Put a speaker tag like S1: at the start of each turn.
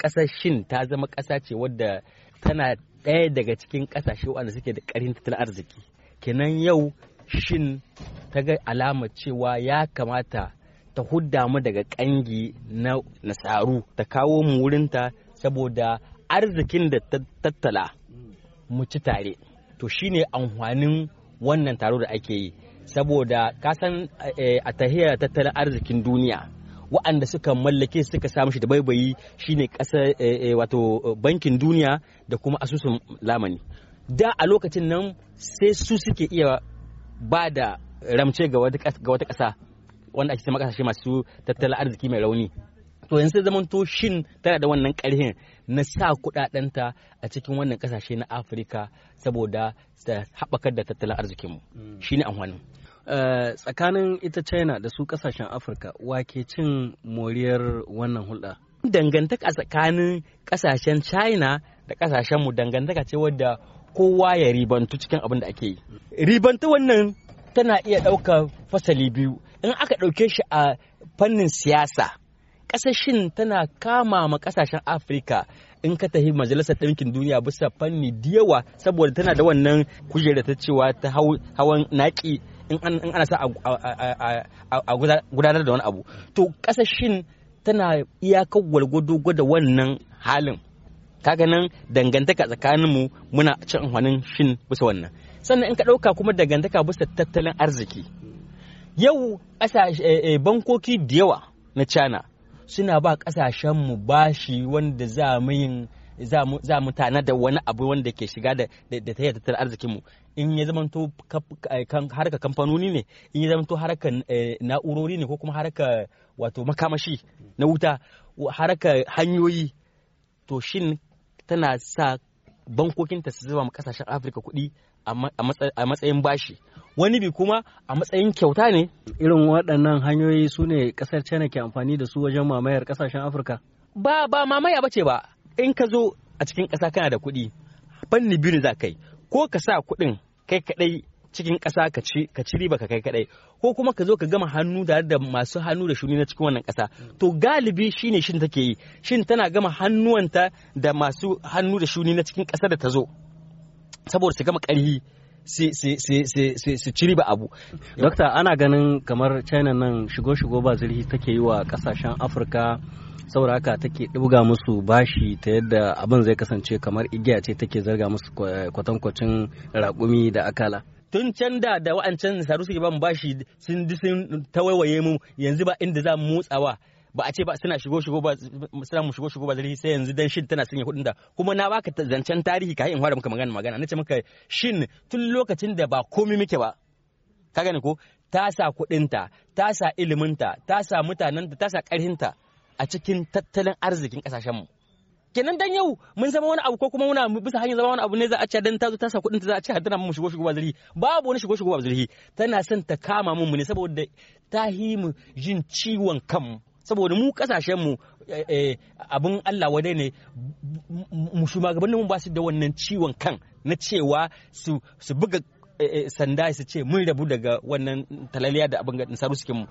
S1: Ƙasashin shin ta zama ƙasa ce wadda tana ɗaya daga cikin ƙasashe wanda suke da ƙarin tattalin arziki kenan yau shin ta ga alama cewa ya kamata ta hudda mu daga ƙangi na nasaru ta kawo mu wurinta saboda arzikin da ta tattala mu ci tare to shine amfanin wannan taro da ake yi saboda kasan eh, a tahiyar tattalin arzikin duniya waɗanda suka mallake suka samu shi da baibayi shine ƙasar eh, eh, wato eh, bankin duniya da kuma asusun lamani da a lokacin nan sai su suke iya ba da ramce ga wata ƙasa wanda ake sama shi masu tattalin arziki mai rauni to yanzu zaman shin tana da wannan ƙarhin na sa kuɗaɗenta a cikin wannan kasashe na afirka saboda haɓakar da tattalin arzikinmu shi mm. shine amfanin Eh, tsakanin ita china da su kasashen afirka wake cin moriyar wannan hulɗa dangantaka tsakanin kasashen china da kasashen mu dangantaka ce wadda kowa ya ribantu cikin abin da ake yi ribantu wannan tana iya ɗaukar fasali biyu in aka ɗauke shi a fannin siyasa ƙasashen tana kama ma ƙasashen afirka in ka tafi majalisar ɗinkin duniya bisa fanni da yawa saboda tana da wannan kujerar ta cewa ta hawan naƙi in ana sa a gudanar da wani abu to kasashen tana iyakar gwargwado gwada wannan halin kaga nan dangantaka tsakaninmu muna cin amfanin shin bisa wannan sannan in ka ɗauka kuma dangantaka bisa tattalin arziki yau eh, eh, bankoki da yawa na china suna ba ƙasashenmu bashi wanda za mu yin za mu tana da wani abu wanda ke shiga da ta yi tattalin arzikinmu in ya to eh, harka kamfanoni ne in ya zamanto harka eh, na'urori ne ko kuma harka wato makamashi na wuta harka hanyoyi to shin tana sa bankokinta su zama kasashen afirka kuɗi a matsayin bashi wani bi kuma a matsayin kyauta ne irin waɗannan hanyoyi su ne ƙasar china ke amfani da su wajen mamayar kasashen afirka ba ba mamaya bace ba in ka zo a cikin ƙasa kana da kuɗi fanni biyu ne za kai ko ka sa kuɗin kai kaɗai cikin ƙasa ka ci ka riba ka kai kaɗai ko kuma ka zo ka gama hannu da da masu hannu da shuni na cikin wannan ƙasa to galibi shine shin take yi shin tana gama hannuwanta da masu hannu da shuni na cikin ƙasa da ta zo saboda su gama ƙarhi su ciri ba abu. Dokta ana ganin kamar China nan shigo-shigo ba zirhi take yi wa kasashen Afirka saboda haka take ɗuga musu bashi ta yadda abin zai kasance kamar igiya ce take zarga musu kwatankwacin raƙumi da akala tun can da da wa'ancan saru suke ban bashi sun sun tawaye mu yanzu ba inda za mu motsawa ba a ce ba suna shigo shigo ba suna mu shigo shigo ba zarihi sai yanzu dan shin tana sanya kudin da kuma na baka zancen tarihi yi in fara maka magana magana nace maka shin tun lokacin da ba komai muke ba ka gane ko ta sa kudin ta sa iliminta ta sa mutanenta ta sa ƙarhinta a cikin tattalin arzikin kasashenmu kenan dan yau mun zama wani abu ko kuma muna bisa hanyar zama wani abu ne za a ce dan ta zo ta sa kuɗin ta za a ce hadana mu shigo shigo ba zurhi babu wani shigo shigo ba zurhi tana son ta kama mu ne saboda ta hi mu jin ciwon kanmu saboda mu kasashen mu eh, eh, abun Allah wadai ne mu shugabannin mu ba su da wannan ciwon kan na cewa su buga eh, sanda su ce mun rabu daga wannan talaliya da abin gadin saru mu